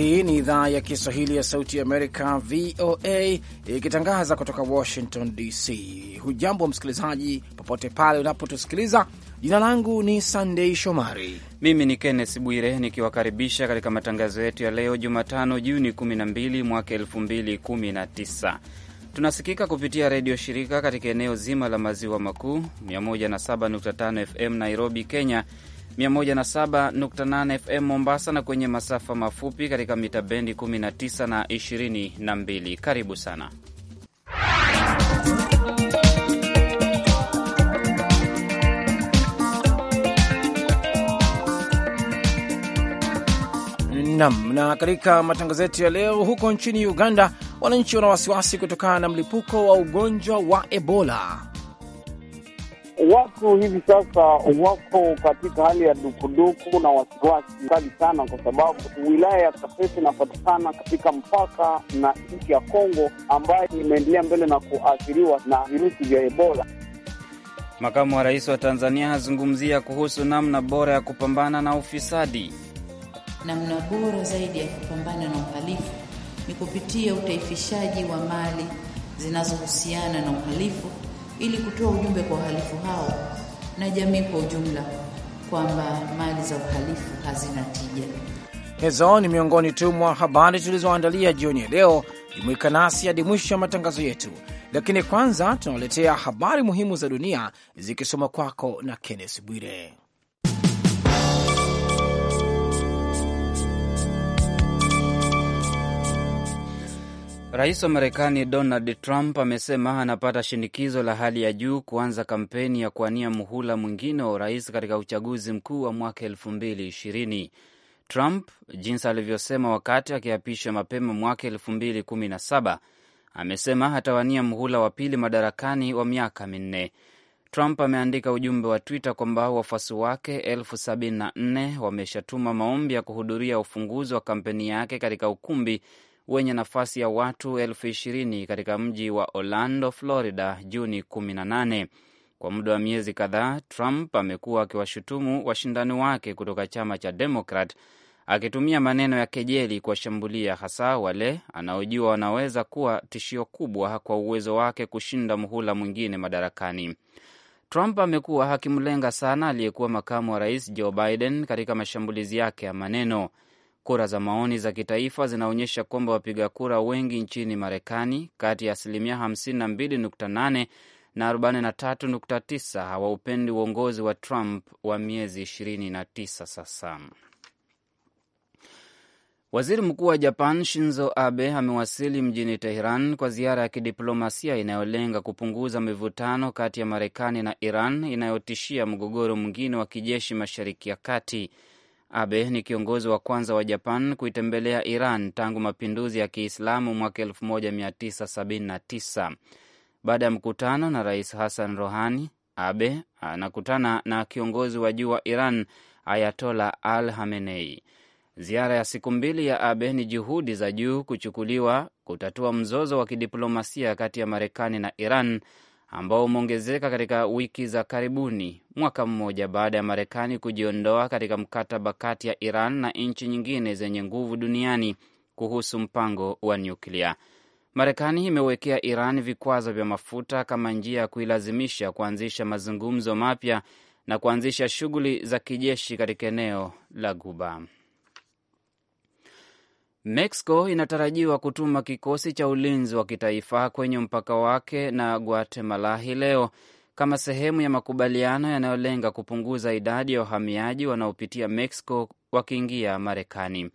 Hii ni idhaa ya Kiswahili ya Sauti ya Amerika, VOA, ikitangaza kutoka Washington DC. Hujambo msikilizaji, popote pale unapotusikiliza. Jina langu ni Sandei Shomari, mimi ni Kennes Bwire nikiwakaribisha katika matangazo yetu ya leo Jumatano, Juni 12 mwaka 2019. Tunasikika kupitia redio shirika katika eneo zima la maziwa makuu, 107.5 FM Nairobi, Kenya, 107.8 FM Mombasa na kwenye masafa mafupi katika mita bendi 19 na 22. Karibu sana. Nam na, na katika matangazo yetu ya leo, huko nchini Uganda wananchi wana wasiwasi kutokana na mlipuko wa ugonjwa wa Ebola. Watu hivi sasa wako katika hali ya dukuduku na wasiwasi kali sana, kwa sababu wilaya ya Kasese inapatikana katika mpaka na nchi ya Kongo ambayo imeendelea mbele na kuathiriwa na virusi vya Ebola. Makamu wa rais wa Tanzania azungumzia kuhusu namna bora ya kupambana na ufisadi. Namna bora zaidi ya kupambana na uhalifu ni kupitia utaifishaji wa mali zinazohusiana na uhalifu ili kutoa ujumbe kwa wahalifu hao na jamii kwa ujumla kwamba mali za uhalifu hazina tija. Hizo ni miongoni tu mwa habari tulizoandalia jioni ya leo. Jumuika nasi hadi mwisho ya matangazo yetu, lakini kwanza tunawaletea habari muhimu za dunia zikisoma kwako na kennes Bwire. Rais wa Marekani Donald Trump amesema anapata shinikizo la hali ya juu kuanza kampeni ya kuania muhula mwingine wa urais katika uchaguzi mkuu wa mwaka elfu mbili ishirini. Trump, jinsi alivyosema wakati akiapishwa mapema mwaka elfu mbili kumi na saba, amesema atawania muhula wa pili madarakani wa miaka minne. Trump ameandika ujumbe wa Twitter kwamba wafuasi wake elfu sabini na nne wameshatuma maombi ya kuhudhuria ufunguzi wa kampeni yake katika ukumbi wenye nafasi ya watu elfu ishirini katika mji wa Orlando, Florida, Juni 18. Kwa muda wa miezi kadhaa, Trump amekuwa akiwashutumu washindani wake kutoka chama cha Demokrat akitumia maneno ya kejeli kuwashambulia hasa wale anaojua wanaweza kuwa tishio kubwa kwa uwezo wake kushinda muhula mwingine madarakani. Trump amekuwa akimlenga sana aliyekuwa makamu wa rais Joe Biden katika mashambulizi yake ya maneno. Kura za maoni za kitaifa zinaonyesha kwamba wapiga kura wengi nchini Marekani, kati ya asilimia 52.8 na 43.9 hawaupendi uongozi wa Trump wa miezi 29 sasa. Waziri Mkuu wa Japan Shinzo Abe amewasili mjini Teheran kwa ziara ya kidiplomasia inayolenga kupunguza mivutano kati ya Marekani na Iran inayotishia mgogoro mwingine wa kijeshi Mashariki ya Kati. Abe ni kiongozi wa kwanza wa Japan kuitembelea Iran tangu mapinduzi ya Kiislamu mwaka 1979. Baada ya mkutano na Rais Hassan Rohani, Abe anakutana na kiongozi wa juu wa Iran Ayatola Al Hamenei. Ziara ya siku mbili ya Abe ni juhudi za juu kuchukuliwa kutatua mzozo wa kidiplomasia kati ya Marekani na Iran ambao umeongezeka katika wiki za karibuni, mwaka mmoja baada ya Marekani kujiondoa katika mkataba kati ya Iran na nchi nyingine zenye nguvu duniani kuhusu mpango wa nyuklia. Marekani imewekea Iran vikwazo vya mafuta kama njia ya kuilazimisha kuanzisha mazungumzo mapya na kuanzisha shughuli za kijeshi katika eneo la Guba. Mexico inatarajiwa kutuma kikosi cha ulinzi wa kitaifa kwenye mpaka wake na Guatemala hii leo kama sehemu ya makubaliano yanayolenga kupunguza idadi ya wahamiaji wanaopitia Mexico wakiingia Marekani.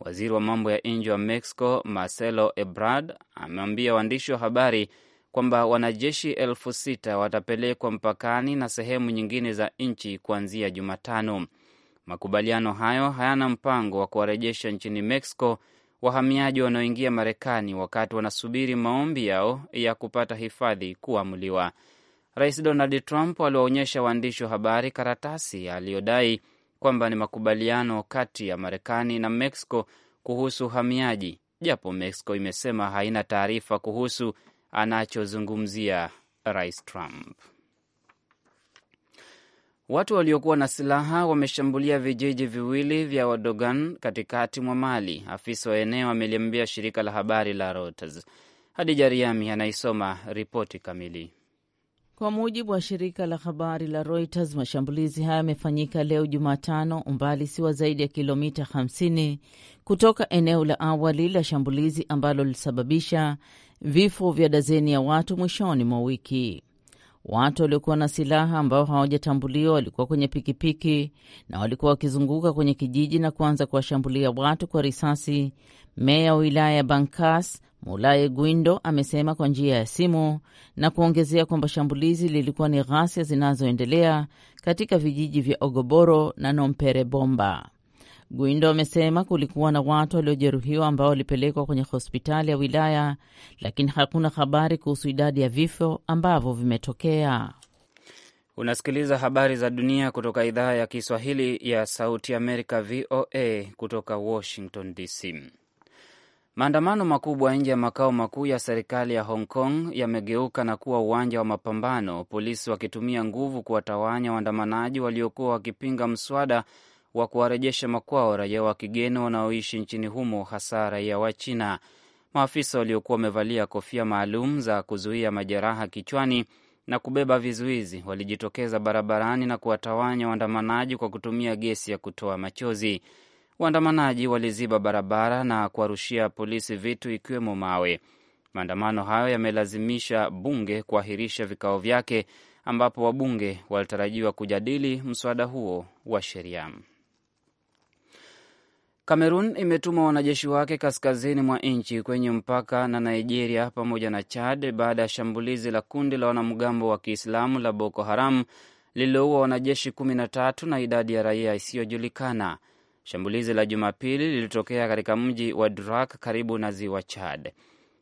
Waziri wa mambo ya nje wa Mexico Marcelo Ebrard ameambia waandishi wa habari kwamba wanajeshi elfu sita watapelekwa mpakani na sehemu nyingine za nchi kuanzia Jumatano. Makubaliano hayo hayana mpango wa kuwarejesha nchini Mexico wahamiaji wanaoingia Marekani wakati wanasubiri maombi yao ya kupata hifadhi kuamuliwa. Rais Donald Trump aliwaonyesha waandishi wa habari karatasi aliyodai kwamba ni makubaliano kati ya Marekani na Mexico kuhusu uhamiaji, japo Mexico imesema haina taarifa kuhusu anachozungumzia Rais Trump. Watu waliokuwa na silaha wameshambulia vijiji viwili vya Wadogan katikati mwa Mali, afisa wa eneo ameliambia shirika la habari la Reuters. Hadija Riami anaisoma ripoti kamili. Kwa mujibu wa shirika la habari la Reuters, mashambulizi hayo yamefanyika leo Jumatano, umbali siwa zaidi ya kilomita 50 kutoka eneo la awali la shambulizi ambalo lilisababisha vifo vya dazeni ya watu mwishoni mwa wiki. Watu waliokuwa na silaha ambao hawajatambuliwa walikuwa kwenye pikipiki na walikuwa wakizunguka kwenye kijiji na kuanza kuwashambulia watu kwa risasi. Meya wa wilaya ya Bankas Mulaye Gwindo amesema kwa njia ya simu na kuongezea kwamba shambulizi lilikuwa ni ghasia zinazoendelea katika vijiji vya Ogoboro na Nompere Bomba. Guindo amesema kulikuwa na watu waliojeruhiwa ambao walipelekwa kwenye hospitali ya wilaya, lakini hakuna habari kuhusu idadi ya vifo ambavyo vimetokea. Unasikiliza habari za dunia kutoka idhaa ya Kiswahili ya Sauti Amerika, VOA, kutoka Washington DC. Maandamano makubwa nje ya makao makuu ya serikali ya Hong Kong yamegeuka na kuwa uwanja wa mapambano, polisi wakitumia nguvu kuwatawanya waandamanaji waliokuwa wakipinga mswada wa kuwarejesha makwao raia wa kigeni wanaoishi nchini humo, hasa raia wa China. Maafisa waliokuwa wamevalia kofia maalum za kuzuia majeraha kichwani na kubeba vizuizi walijitokeza barabarani na kuwatawanya waandamanaji kwa kutumia gesi ya kutoa machozi. Waandamanaji waliziba barabara na kuwarushia polisi vitu ikiwemo mawe. Maandamano hayo yamelazimisha bunge kuahirisha vikao vyake ambapo wabunge walitarajiwa kujadili mswada huo wa sheria. Kamerun imetuma wanajeshi wake kaskazini mwa nchi kwenye mpaka na Nigeria pamoja na Chad baada ya shambulizi la kundi la wanamgambo wa Kiislamu la Boko Haram lililoua wanajeshi 13 tatu na idadi ya raia isiyojulikana. Shambulizi la Jumapili lilitokea katika mji wa Drak karibu na ziwa Chad.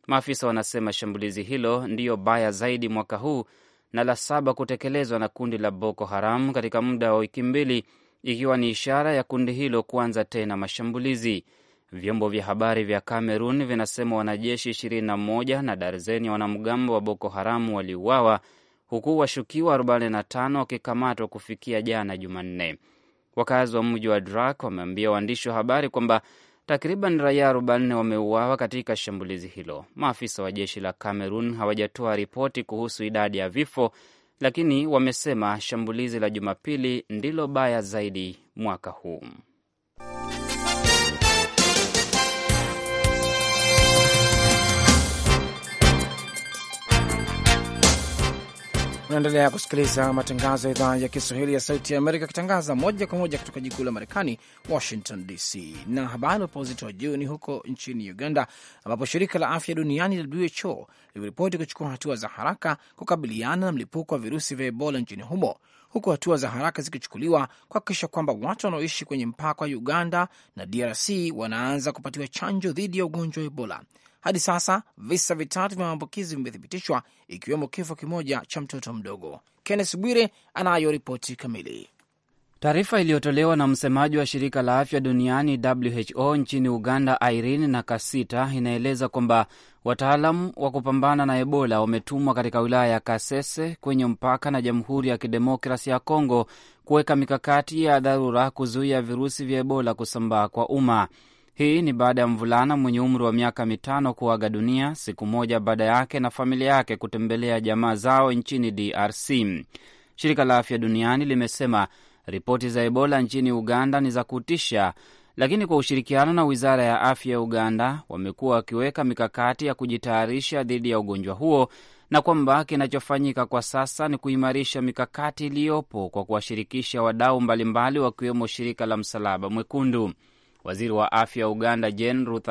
Maafisa wanasema shambulizi hilo ndiyo baya zaidi mwaka huu na la saba kutekelezwa na kundi la Boko Haram katika muda wa wiki mbili ikiwa ni ishara ya kundi hilo kuanza tena mashambulizi. Vyombo vya habari vya Kamerun vinasema wanajeshi 21 na darzeni ya wanamgambo wa Boko Haramu waliuawa huku washukiwa 45 wakikamatwa kufikia jana Jumanne. Wakazi wa mji wa Drak wameambia waandishi wa habari kwamba takriban raia 40 wameuawa katika shambulizi hilo. Maafisa wa jeshi la Kamerun hawajatoa ripoti kuhusu idadi ya vifo lakini wamesema shambulizi la Jumapili ndilo baya zaidi mwaka huu. Unaendelea kusikiliza matangazo ya idhaa ya Kiswahili ya Sauti ya Amerika, akitangaza moja kwa moja kutoka jikuu la Marekani, Washington DC. Na habari wapo uzito wa juu ni huko nchini Uganda, ambapo shirika la afya duniani WHO limeripoti kuchukua hatua za haraka kukabiliana na mlipuko wa virusi vya Ebola nchini humo, huku hatua za haraka zikichukuliwa kuhakikisha kwamba watu wanaoishi kwenye mpaka wa Uganda na DRC wanaanza kupatiwa chanjo dhidi ya ugonjwa wa Ebola. Hadi sasa visa vitatu vya maambukizi vimethibitishwa ikiwemo kifo kimoja cha mtoto mdogo. Kennes Bwire anayo ripoti kamili. Taarifa iliyotolewa na msemaji wa shirika la afya duniani WHO nchini Uganda, Irene Nakasita, inaeleza kwamba wataalamu wa kupambana na Ebola wametumwa katika wilaya ya Kasese kwenye mpaka na Jamhuri ya Kidemokrasi ya Kongo kuweka mikakati ya dharura kuzuia virusi vya Ebola kusambaa kwa umma. Hii ni baada ya mvulana mwenye umri wa miaka mitano kuaga dunia siku moja baada yake na familia yake kutembelea jamaa zao nchini DRC. Shirika la Afya Duniani limesema ripoti za Ebola nchini Uganda ni za kutisha, lakini kwa ushirikiano na wizara ya afya ya Uganda wamekuwa wakiweka mikakati ya kujitayarisha dhidi ya ugonjwa huo, na kwamba kinachofanyika kwa sasa ni kuimarisha mikakati iliyopo kwa kuwashirikisha wadau mbalimbali, wakiwemo shirika la Msalaba Mwekundu. Waziri wa afya wa Uganda Jane Ruth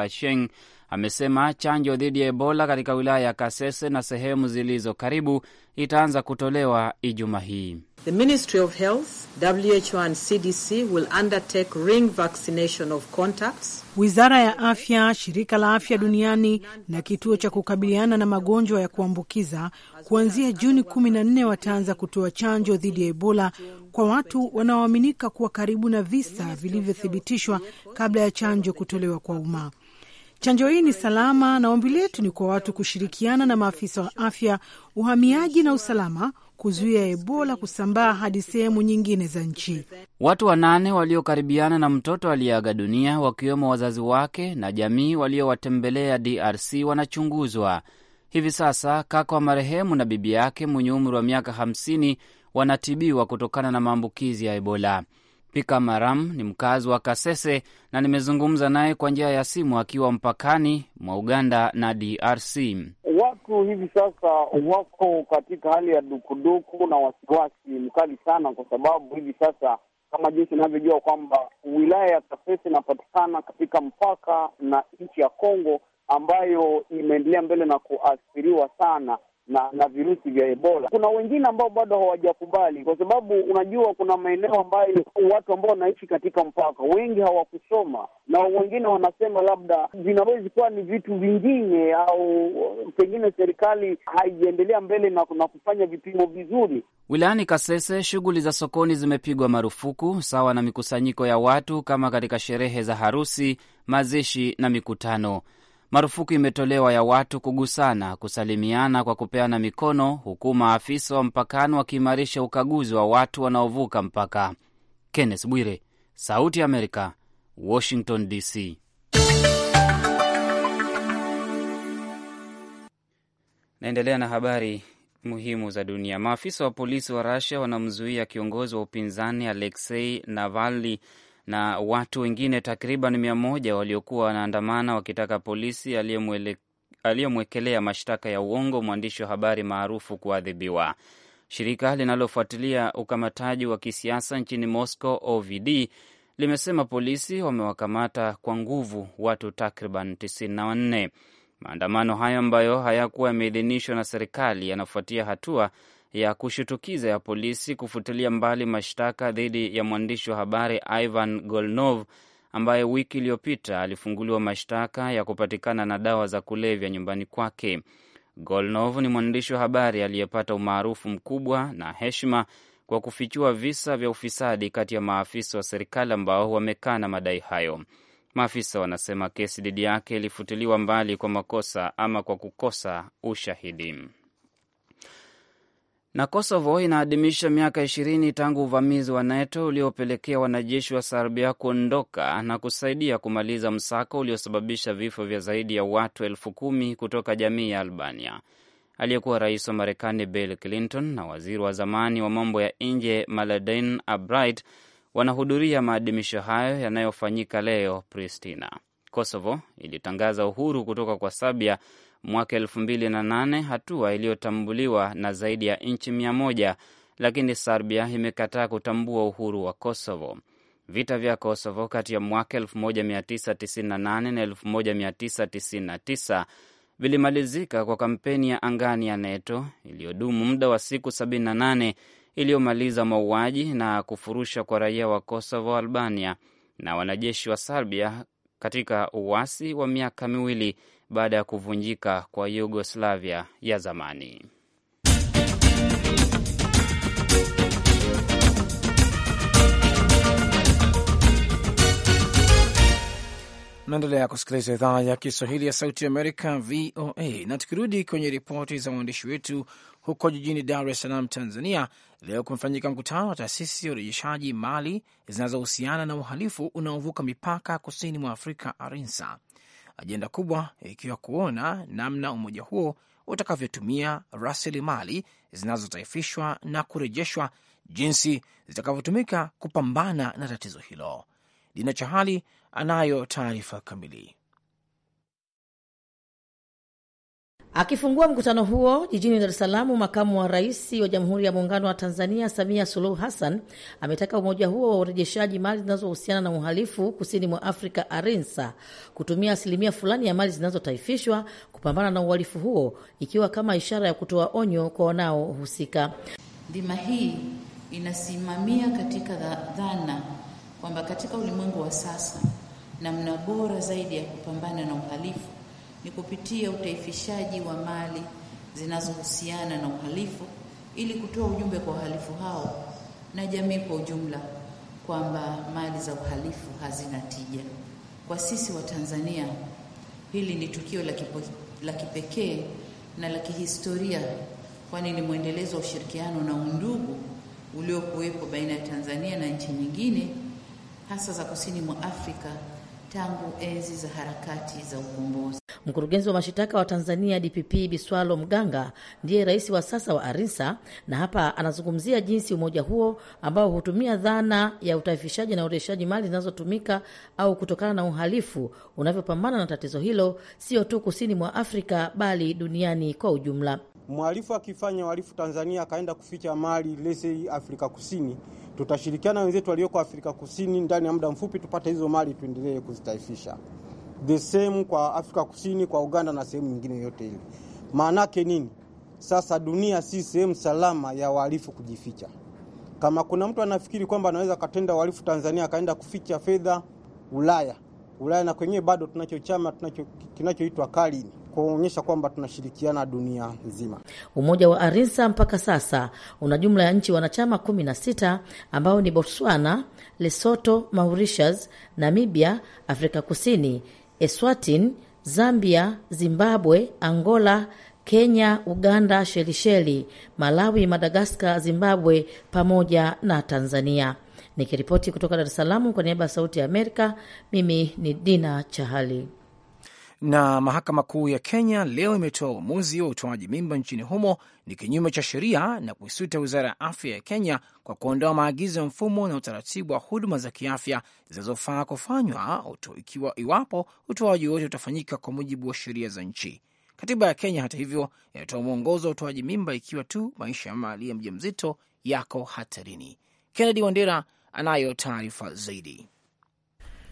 amesema chanjo dhidi ya Ebola katika wilaya ya Kasese na sehemu zilizo karibu itaanza kutolewa ijuma hii. The Ministry of Health, WHO and CDC will undertake ring vaccination of contacts. Wizara ya Afya, Shirika la Afya Duniani na Kituo cha Kukabiliana na Magonjwa ya Kuambukiza kuanzia Juni 14 wataanza kutoa chanjo dhidi ya Ebola kwa watu wanaoaminika kuwa karibu na visa vilivyothibitishwa kabla ya chanjo kutolewa kwa umma. Chanjo hii ni salama, na ombi letu ni kwa watu kushirikiana na maafisa wa afya, uhamiaji na usalama kuzuia Ebola kusambaa hadi sehemu nyingine za nchi. Watu wanane waliokaribiana na mtoto aliyeaga dunia wakiwemo wazazi wake na jamii waliowatembelea DRC wanachunguzwa hivi sasa. Kaka wa marehemu na bibi yake mwenye umri wa miaka 50 wanatibiwa kutokana na maambukizi ya Ebola. Pika Maram ni mkazi wa Kasese na nimezungumza naye kwa njia ya simu akiwa mpakani mwa Uganda na DRC. Watu hivi sasa wako katika hali ya dukuduku na wasiwasi mkali sana, kwa sababu hivi sasa kama jinsi inavyojua kwamba wilaya ya Kasese inapatikana katika mpaka na nchi ya Kongo ambayo imeendelea mbele na kuathiriwa sana na na virusi vya Ebola. Kuna wengine ambao bado hawajakubali, kwa sababu unajua kuna maeneo ambayo watu ambao wanaishi katika mpaka wengi hawakusoma, na wengine wanasema labda vinawezi kuwa ni vitu vingine, au pengine serikali haijaendelea mbele na, na kufanya vipimo vizuri. Wilayani Kasese, shughuli za sokoni zimepigwa marufuku sawa na mikusanyiko ya watu kama katika sherehe za harusi, mazishi na mikutano. Marufuku imetolewa ya watu kugusana, kusalimiana kwa kupeana mikono, huku maafisa wa mpakani wakiimarisha ukaguzi wa watu wanaovuka mpaka. Kenneth Bwire, Sauti ya Amerika, Washington DC. Naendelea na habari muhimu za dunia. Maafisa wa polisi wa rasia wanamzuia kiongozi wa upinzani aleksei Navalny na watu wengine takriban mia moja waliokuwa wanaandamana wakitaka polisi aliyemwekelea mashtaka ya uongo mwandishi wa habari maarufu kuadhibiwa. Shirika linalofuatilia ukamataji wa kisiasa nchini Moscow, OVD, limesema polisi wamewakamata kwa nguvu watu takriban 94. Maandamano hayo ambayo hayakuwa yameidhinishwa na serikali yanafuatia hatua ya kushutukiza ya polisi kufutilia mbali mashtaka dhidi ya mwandishi wa habari Ivan Golnov ambaye wiki iliyopita alifunguliwa mashtaka ya kupatikana na dawa za kulevya nyumbani kwake. Golnov ni mwandishi wa habari aliyepata umaarufu mkubwa na heshima kwa kufichua visa vya ufisadi kati ya maafisa wa serikali ambao wamekana madai hayo. Maafisa wanasema kesi dhidi yake ilifutiliwa mbali kwa makosa ama kwa kukosa ushahidi. Na Kosovo inaadhimisha miaka ishirini tangu uvamizi wa NATO uliopelekea wanajeshi wa Serbia kuondoka na kusaidia kumaliza msako uliosababisha vifo vya zaidi ya watu elfu kumi kutoka jamii ya Albania. Aliyekuwa rais wa Marekani Bill Clinton na waziri wa zamani wa mambo ya nje maladin Albright wanahudhuria maadhimisho hayo yanayofanyika leo Pristina. Kosovo ilitangaza uhuru kutoka kwa Serbia mwaka elfu mbili na nane, hatua iliyotambuliwa na zaidi ya nchi mia moja, lakini Serbia imekataa kutambua uhuru wa Kosovo. Vita vya Kosovo kati ya mwaka 1998 na 1999 vilimalizika kwa kampeni ya angani ya NATO iliyodumu muda wa siku 78 iliyomaliza mauaji na kufurusha kwa raia wa Kosovo, Albania na wanajeshi wa Serbia katika uasi wa miaka miwili baada ya kuvunjika kwa Yugoslavia ya zamani. Naendelea kusikiliza idhaa ya Kiswahili ya Sauti Amerika, VOA. Na tukirudi kwenye ripoti za waandishi wetu, huko jijini Dar es Salaam, Tanzania, leo kumefanyika mkutano wa taasisi ya urejeshaji mali zinazohusiana na uhalifu unaovuka mipaka kusini mwa Afrika, ARINSA ajenda kubwa ikiwa kuona namna umoja huo utakavyotumia rasilimali zinazotaifishwa na kurejeshwa, jinsi zitakavyotumika kupambana na tatizo hilo. Dina Chahali anayo taarifa kamili. Akifungua mkutano huo jijini Dar es Salaam, makamu wa rais wa Jamhuri ya Muungano wa Tanzania Samia Suluhu Hassan ametaka umoja huo wa urejeshaji mali zinazohusiana na uhalifu kusini mwa Afrika, ARINSA, kutumia asilimia fulani ya mali zinazotaifishwa kupambana na uhalifu huo, ikiwa kama ishara ya kutoa onyo kwa wanaohusika. Dhima hii inasimamia katika dhana kwamba katika ulimwengu wa sasa namna bora zaidi ya kupambana na uhalifu ni kupitia utaifishaji wa mali zinazohusiana na uhalifu ili kutoa ujumbe kwa uhalifu hao na jamii kwa ujumla kwamba mali za uhalifu hazina tija. Kwa sisi wa Tanzania, hili ni tukio la kipekee na la kihistoria, kwani ni mwendelezo wa ushirikiano na undugu uliokuwepo baina ya Tanzania na nchi nyingine hasa za kusini mwa Afrika tangu enzi za harakati za ukombozi. Mkurugenzi wa mashitaka wa Tanzania DPP Biswalo Mganga ndiye rais wa sasa wa Arinsa, na hapa anazungumzia jinsi umoja huo ambao hutumia dhana ya utaifishaji na urejeshaji mali zinazotumika au kutokana na uhalifu unavyopambana na tatizo hilo, sio tu kusini mwa Afrika bali duniani kwa ujumla. Mhalifu akifanya uhalifu Tanzania akaenda kuficha mali lese Afrika Kusini, tutashirikiana wenzetu walioko Afrika Kusini ndani ya muda mfupi tupate hizo mali tuendelee kuzitaifisha the same kwa Afrika Kusini, kwa Uganda na sehemu nyingine yote ile. Maanake nini? Sasa dunia si sehemu salama ya walifu kujificha. Kama kuna mtu anafikiri kwamba anaweza akatenda uhalifu Tanzania akaenda kuficha fedha Ulaya, Ulaya na kwenyewe bado tunacho chama tunacho kinachoitwa CARIN kuonyesha kwamba tunashirikiana dunia nzima. Umoja wa Arinsa mpaka sasa una jumla ya nchi wanachama 16 ambao ni Botswana, Lesotho, Mauritius, Namibia, Afrika Kusini, Eswatini, Zambia, Zimbabwe, Angola, Kenya, Uganda, Shelisheli, Malawi, Madagaskar, Zimbabwe pamoja na Tanzania. Nikiripoti kutoka Dar es Salaam kwa niaba ya Sauti ya Amerika, mimi ni Dina Chahali. Na mahakama kuu ya Kenya leo imetoa uamuzi wa utoaji mimba nchini humo ni kinyume cha sheria na kuisuta wizara ya afya ya Kenya kwa kuondoa maagizo ya mfumo na utaratibu wa huduma za kiafya zinazofaa kufanywa ikiwa iwapo utoaji wote utafanyika kwa mujibu wa sheria za nchi. Katiba ya Kenya, hata hivyo, inatoa mwongozo wa utoaji mimba ikiwa tu maisha ya mali ya mjamzito yako hatarini. Kennedy Wandera anayo taarifa zaidi.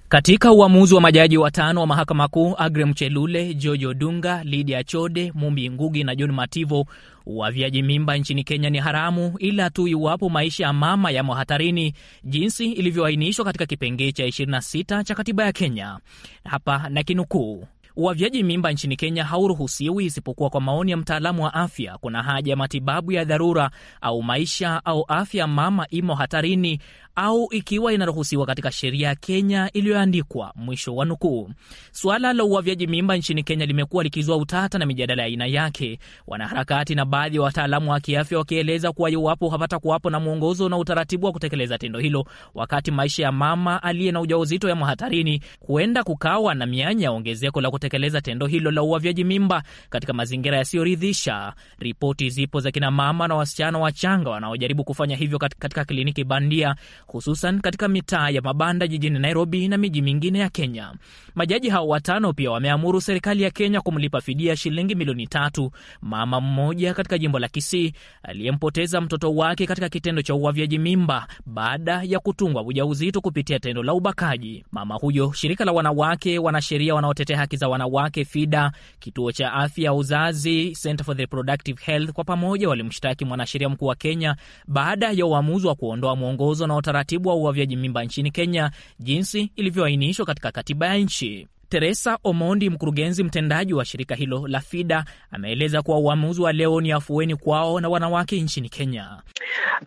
Katika uamuzi wa majaji watano wa mahakama kuu Agre Mchelule, George Odunga, lidia Chode, Mumbi Ngugi na John Mativo, uavyaji mimba nchini Kenya ni haramu ila tu iwapo maisha ya mama yamo hatarini, jinsi ilivyoainishwa katika kipengee cha 26 cha katiba ya Kenya. Hapa na kinukuu Uavyaji mimba nchini Kenya hauruhusiwi isipokuwa kwa maoni ya mtaalamu wa afya, kuna haja ya matibabu ya dharura au maisha au afya mama imo hatarini, au ikiwa inaruhusiwa katika sheria ya Kenya iliyoandikwa, mwisho wa nukuu. Suala la uavyaji mimba nchini Kenya limekuwa likizua utata na mijadala ya aina yake, wanaharakati na baadhi ya wataalamu wa kiafya wakieleza kuwa iwapo hapata kuwapo na mwongozo na utaratibu wa kutekeleza tendo hilo, wakati maisha ya mama aliye na ujauzito yamo hatarini, huenda kukawa na mianya ya ongezeko la kutekeleza tendo hilo la uavyaji mimba katika mazingira yasiyoridhisha. Ripoti zipo za kinamama na wasichana wachanga wanaojaribu kufanya hivyo katika kliniki bandia hususan katika mitaa ya mabanda jijini Nairobi na miji mingine ya Kenya. Majaji hao watano pia wameamuru serikali ya Kenya kumlipa fidia shilingi milioni tatu mama mmoja katika jimbo la Kisii aliyempoteza mtoto wake katika kitendo cha uavyaji mimba baada ya kutungwa ujauzito kupitia tendo la ubakaji. Mama huyo, shirika la wanawake wanasheria wanaotetea haki za wanawake FIDA, kituo cha afya ya uzazi Center for the Reproductive Health, kwa pamoja walimshtaki mwanasheria mkuu wa Kenya baada ya uamuzi wa kuondoa mwongozo na utaratibu wa uavyaji mimba nchini Kenya jinsi ilivyoainishwa katika katiba ya nchi. Teresa Omondi, mkurugenzi mtendaji wa shirika hilo la FIDA, ameeleza kuwa uamuzi wa leo ni afueni kwao na wanawake nchini Kenya.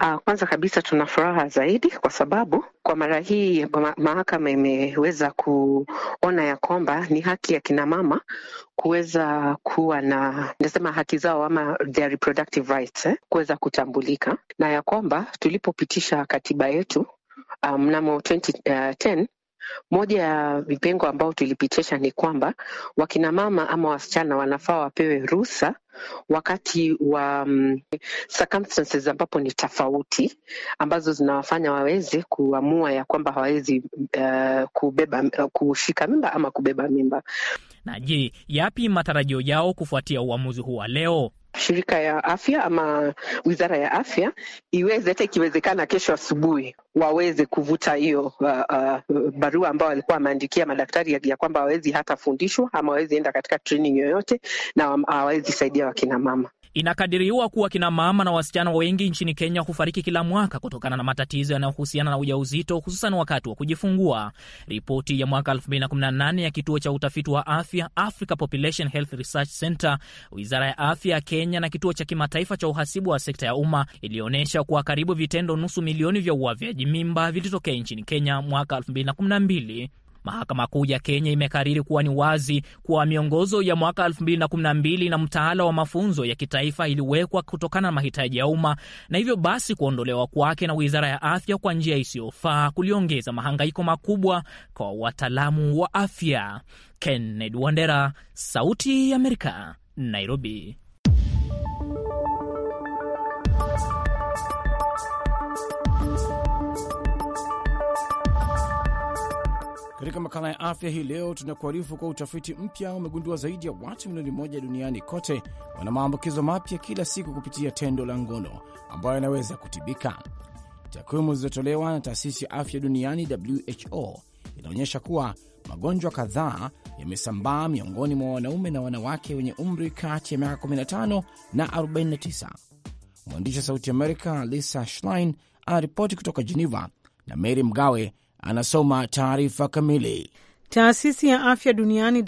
Uh, kwanza kabisa tuna furaha zaidi kwa sababu kwa mara hii ma mahakama imeweza kuona ya kwamba ni haki ya kinamama kuweza kuwa na nasema haki zao ama their reproductive rights eh, kuweza kutambulika na ya kwamba tulipopitisha katiba yetu ah, mnamo um, 2010 ah, moja ya vipengo ambao tulipitisha ni kwamba wakinamama ama wasichana wanafaa wapewe ruhusa wakati wa um, circumstances ambapo ni tofauti ambazo zinawafanya waweze kuamua ya kwamba hawawezi uh, kubeba uh, kushika mimba ama kubeba mimba. Na je, yapi matarajio yao kufuatia uamuzi huu wa leo? shirika ya afya ama wizara ya afya iweze hata ikiwezekana kesho asubuhi waweze kuvuta hiyo uh, uh, barua ambao walikuwa wameandikia madaktari ya, ya kwamba hawawezi hata fundishwa ama wawezi enda katika training yoyote na hawawezi saidia wakinamama. Inakadiriwa kuwa kina mama na wasichana wengi nchini Kenya hufariki kila mwaka kutokana na matatizo yanayohusiana na ujauzito, hususan wakati wa kujifungua. Ripoti ya mwaka 2018 ya kituo cha utafiti wa afya Africa Population Health Research Center, wizara ya afya ya Kenya na kituo cha kimataifa cha uhasibu wa sekta ya umma ilionyesha kuwa karibu vitendo nusu milioni vya uavyaji mimba vilitokea nchini Kenya mwaka 2012. Mahakama Kuu ya Kenya imekariri kuwa ni wazi kuwa miongozo ya mwaka 2012 na mtaala wa mafunzo ya kitaifa iliwekwa kutokana na mahitaji ya umma, na hivyo basi kuondolewa kwake na wizara ya afya kwa njia isiyofaa kuliongeza mahangaiko makubwa kwa wataalamu wa afya. Kenneth Wandera, Sauti ya Amerika, Nairobi. Katika makala ya afya hii leo, tunakuarifu kwa utafiti mpya umegundua zaidi ya watu milioni moja duniani kote wana maambukizo mapya kila siku kupitia tendo la ngono ambayo yanaweza kutibika. Takwimu zilizotolewa na taasisi ya afya duniani WHO inaonyesha kuwa magonjwa kadhaa yamesambaa miongoni mwa wanaume na wanawake wenye umri kati ya miaka 15 na 49. Mwandishi wa Sauti Amerika Lisa Schlein anaripoti kutoka Geneva na Mary Mgawe anasoma taarifa kamili. Taasisi ya afya duniani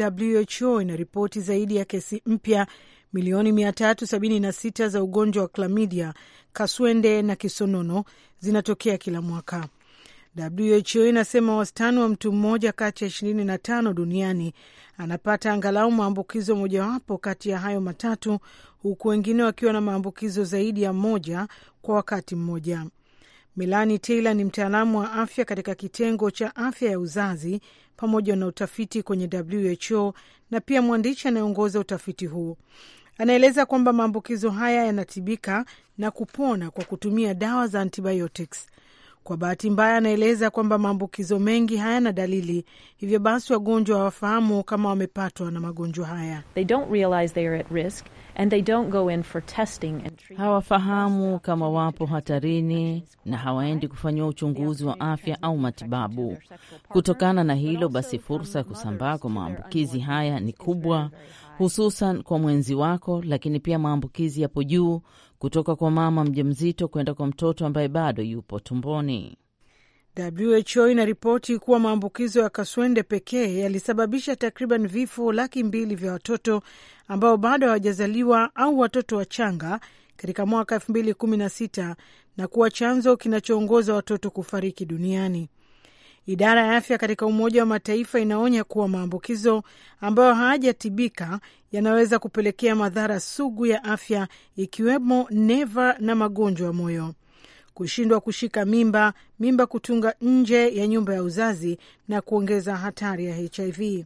WHO inaripoti zaidi ya kesi mpya milioni 376 za ugonjwa wa klamidia, kaswende na kisonono zinatokea kila mwaka. WHO inasema wastani wa mtu mmoja kati ya 25 duniani anapata angalau maambukizo mojawapo kati ya hayo matatu, huku wengine wakiwa na maambukizo zaidi ya moja kwa wakati mmoja melani Taylor ni mtaalamu wa afya katika kitengo cha afya ya uzazi pamoja na utafiti kwenye WHO na pia mwandishi anayeongoza utafiti huo Anaeleza kwamba maambukizo haya yanatibika na kupona kwa kutumia dawa za antibiotics. Kwa bahati mbaya, anaeleza kwamba maambukizo mengi hayana dalili, hivyo basi wagonjwa hawafahamu kama wamepatwa na magonjwa haya. Hawafahamu kama wapo hatarini na hawaendi kufanyiwa uchunguzi wa afya au matibabu. Kutokana na hilo basi, fursa ya kusambaa kwa maambukizi haya ni kubwa, hususan kwa mwenzi wako, lakini pia maambukizi yapo juu kutoka kwa mama mjamzito kwenda kwa mtoto ambaye bado yupo tumboni. WHO inaripoti kuwa maambukizo ya kaswende pekee yalisababisha takriban vifo laki mbili vya watoto ambao bado hawajazaliwa au watoto wachanga katika mwaka 2016 na kuwa chanzo kinachoongoza watoto kufariki duniani. Idara ya afya katika Umoja wa Mataifa inaonya kuwa maambukizo ambayo hayajatibika yanaweza kupelekea madhara sugu ya afya ikiwemo neva na magonjwa ya moyo, kushindwa kushika mimba, mimba kutunga nje ya nyumba ya uzazi na kuongeza hatari ya HIV.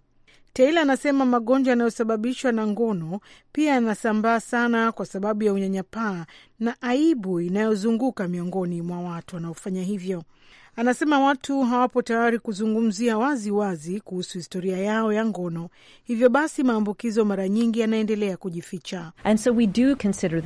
Taylor anasema magonjwa yanayosababishwa na ngono pia yanasambaa sana kwa sababu ya unyanyapaa na aibu inayozunguka miongoni mwa watu wanaofanya hivyo. Anasema watu hawapo tayari kuzungumzia wazi wazi kuhusu historia yao ya ngono, hivyo basi maambukizo mara nyingi yanaendelea kujificha. So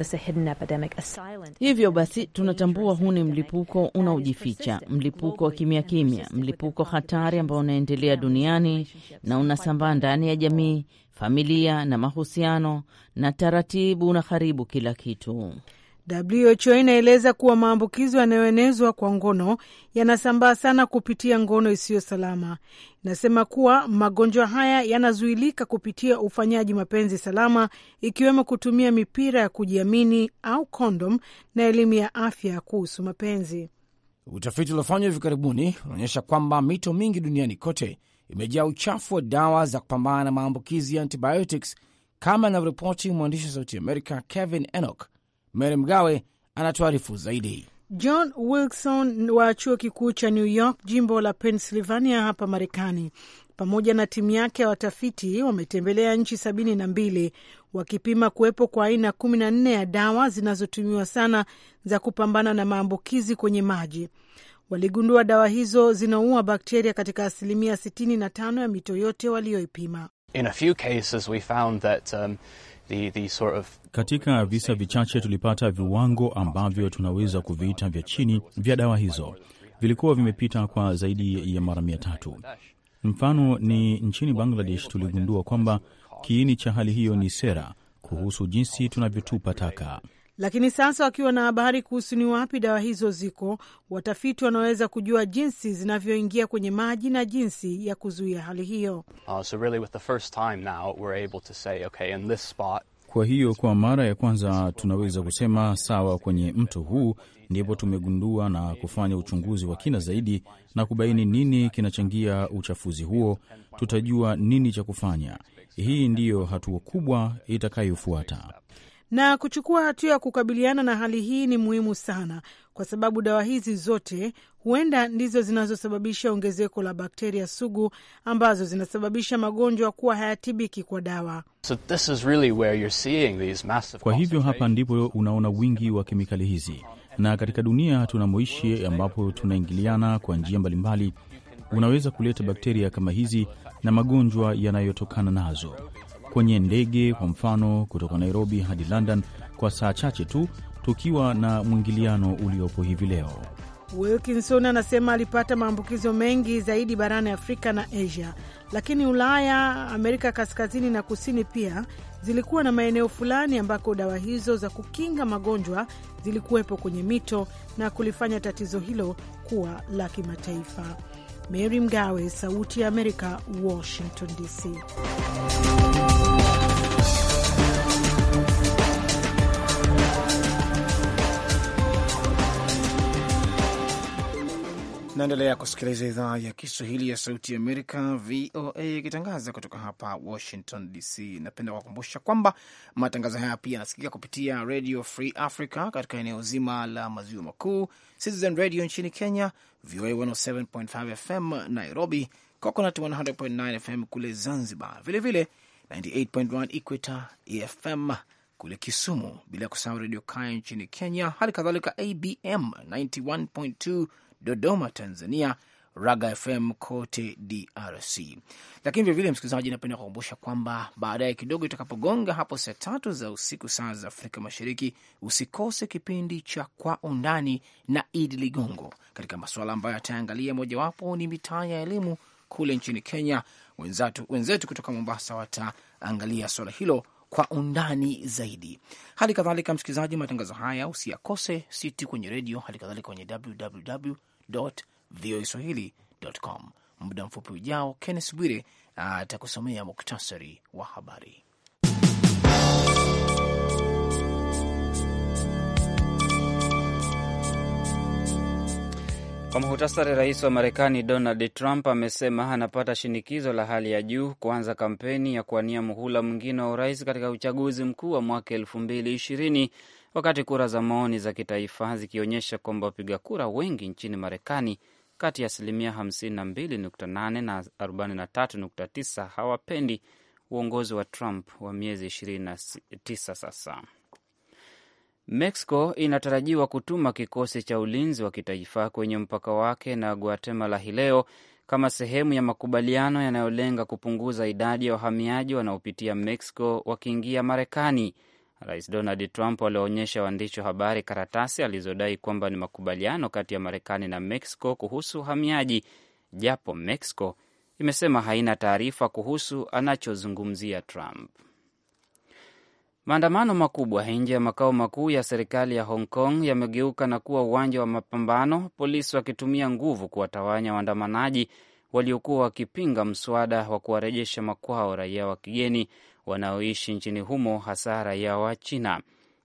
silent... hivyo basi tunatambua huu ni mlipuko unaojificha, mlipuko wa kimya kimya, mlipuko hatari ambao unaendelea duniani na unasambaa ndani ya jamii, familia na mahusiano, na taratibu unaharibu kila kitu. WHO inaeleza kuwa maambukizo yanayoenezwa kwa ngono yanasambaa sana kupitia ngono isiyo salama. Inasema kuwa magonjwa haya yanazuilika kupitia ufanyaji mapenzi salama, ikiwemo kutumia mipira ya kujiamini au kondom na elimu ya afya kuhusu mapenzi. Utafiti uliofanywa hivi karibuni unaonyesha kwamba mito mingi duniani kote imejaa uchafu wa dawa za kupambana na maambukizi ya antibiotics, kama anavyoripoti mwandishi wa Sauti Amerika Kevin Enoch Mary Mgawe anatuarifu zaidi. John Wilson wa chuo kikuu cha New York, jimbo la Pennsylvania hapa Marekani, pamoja na timu yake ya watafiti wametembelea nchi sabini na mbili wakipima kuwepo kwa aina kumi na nne ya dawa zinazotumiwa sana za kupambana na maambukizi kwenye maji. Waligundua dawa hizo zinaua bakteria katika asilimia 65 ya mito yote walioipima. In a few cases we found that, um, the, the sort of... Katika visa vichache tulipata viwango ambavyo tunaweza kuviita vya chini vya dawa hizo vilikuwa vimepita kwa zaidi ya mara mia tatu. Mfano ni nchini Bangladesh, tuligundua kwamba kiini cha hali hiyo ni sera kuhusu jinsi tunavyotupa taka. Lakini sasa wakiwa na habari kuhusu ni wapi dawa hizo ziko, watafiti wanaweza kujua jinsi zinavyoingia kwenye maji na jinsi ya kuzuia hali hiyo. Uh, so really kwa hiyo kwa mara ya kwanza tunaweza kusema sawa, kwenye mto huu ndipo tumegundua na kufanya uchunguzi wa kina zaidi na kubaini nini kinachangia uchafuzi huo. Tutajua nini cha kufanya. Hii ndiyo hatua kubwa itakayofuata na kuchukua hatua ya kukabiliana na hali hii ni muhimu sana, kwa sababu dawa hizi zote huenda ndizo zinazosababisha ongezeko la bakteria sugu ambazo zinasababisha magonjwa kuwa hayatibiki kwa dawa. So this is really where you're seeing these massive. Kwa hivyo hapa ndipo unaona wingi wa kemikali hizi, na katika dunia tunamoishi, ambapo tunaingiliana kwa njia mbalimbali, unaweza kuleta bakteria kama hizi na magonjwa yanayotokana nazo kwenye ndege, kwa mfano kutoka Nairobi hadi London kwa saa chache tu, tukiwa na mwingiliano uliopo hivi leo. Wilkinson anasema alipata maambukizo mengi zaidi barani Afrika na Asia, lakini Ulaya, Amerika kaskazini na kusini pia zilikuwa na maeneo fulani ambako dawa hizo za kukinga magonjwa zilikuwepo kwenye mito na kulifanya tatizo hilo kuwa la kimataifa. Mary Mgawe, Sauti ya Amerika, Washington DC. Naendelea kusikiliza idhaa ya Kiswahili ya Sauti ya Amerika, VOA, ikitangaza kutoka hapa Washington DC. Napenda kuwakumbusha kwamba matangazo haya pia yanasikika kupitia Radio Free Africa katika eneo zima la maziwa makuu, Citizen Radio nchini Kenya, VOA 107.5 FM Nairobi, Coconut 100.9 FM kule Zanzibar, vilevile 98.1 Equator EFM kule Kisumu, bila kusahau redio Kaya nchini Kenya, hali kadhalika ABM 91.2 Dodoma Tanzania, Raga FM kote DRC. Lakini vilevile, msikilizaji, napenda kukumbusha kwamba baadaye kidogo itakapogonga hapo saa tatu za usiku saa za Afrika Mashariki, usikose kipindi cha Kwa Undani na Idi Ligongo katika masuala ambayo ataangalia. Mojawapo ni mitaa ya elimu kule nchini Kenya. Wenzetu, wenzetu kutoka Mombasa wataangalia swala hilo kwa undani zaidi. Hali kadhalika, msikilizaji, matangazo haya usiyakose, si tu kwenye redio, hali kadhalika kwenye www voa swahili.com. Muda mfupi ujao, Kennes Bwire atakusomea muktasari wa habari. Kwa muhtasari, rais wa Marekani Donald Trump amesema anapata shinikizo la hali ya juu kuanza kampeni ya kuwania muhula mwingine wa urais katika uchaguzi mkuu wa mwaka elfu mbili ishirini wakati kura za maoni za kitaifa zikionyesha kwamba wapiga kura wengi nchini Marekani, kati ya asilimia 52.8 na 43.9 hawapendi uongozi wa Trump wa miezi 29 sasa. Mexico inatarajiwa kutuma kikosi cha ulinzi wa kitaifa kwenye mpaka wake na Guatemala hii leo kama sehemu ya makubaliano yanayolenga kupunguza idadi ya wahamiaji wanaopitia Mexico wakiingia Marekani. Rais Donald Trump aliwaonyesha waandishi wa habari karatasi alizodai kwamba ni makubaliano kati ya Marekani na Mexico kuhusu uhamiaji, japo Mexico imesema haina taarifa kuhusu anachozungumzia Trump. Maandamano makubwa nje ya makao makuu ya serikali ya Hong Kong yamegeuka na kuwa uwanja wa mapambano, polisi wakitumia nguvu kuwatawanya waandamanaji waliokuwa wakipinga mswada wa kuwarejesha makwao raia wa kigeni wanaoishi nchini humo, hasa raia wa China.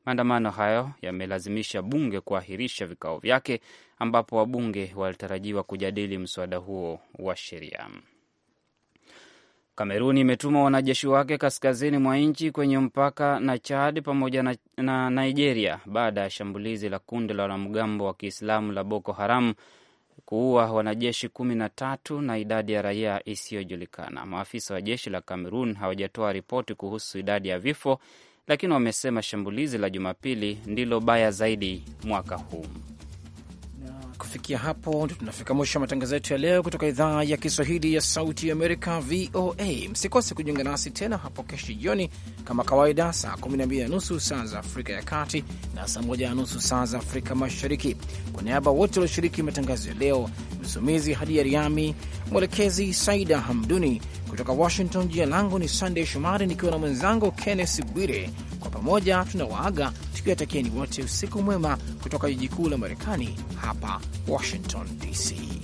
Maandamano hayo yamelazimisha bunge kuahirisha vikao vyake, ambapo wabunge walitarajiwa kujadili mswada huo wa sheria. Kameruni imetuma wanajeshi wake kaskazini mwa nchi kwenye mpaka na Chad pamoja na, na Nigeria baada ya shambulizi la kundi la wanamgambo wa Kiislamu la Boko Haram kuua wanajeshi kumi na tatu na idadi ya raia isiyojulikana. Maafisa wa jeshi la Kamerun hawajatoa ripoti kuhusu idadi ya vifo, lakini wamesema shambulizi la Jumapili ndilo baya zaidi mwaka huu. Kufikia hapo ndio tunafika mwisho wa matangazo yetu ya leo kutoka idhaa ya Kiswahili ya Sauti ya Amerika, VOA. Msikose kujiunga nasi tena hapo kesho jioni kama kawaida, saa 12 na nusu saa za Afrika ya Kati na saa 1 na nusu saa za Afrika Mashariki. Kwa niaba wote walioshiriki matangazo ya leo, msimamizi Hadi ya Riami, mwelekezi Saida Hamduni kutoka Washington. Jina langu ni Sandey Shomari nikiwa na mwenzangu Kenneth Bwire kwa pamoja tunawaaga tukiwatakieni wote usiku mwema kutoka jiji kuu la Marekani hapa Washington DC.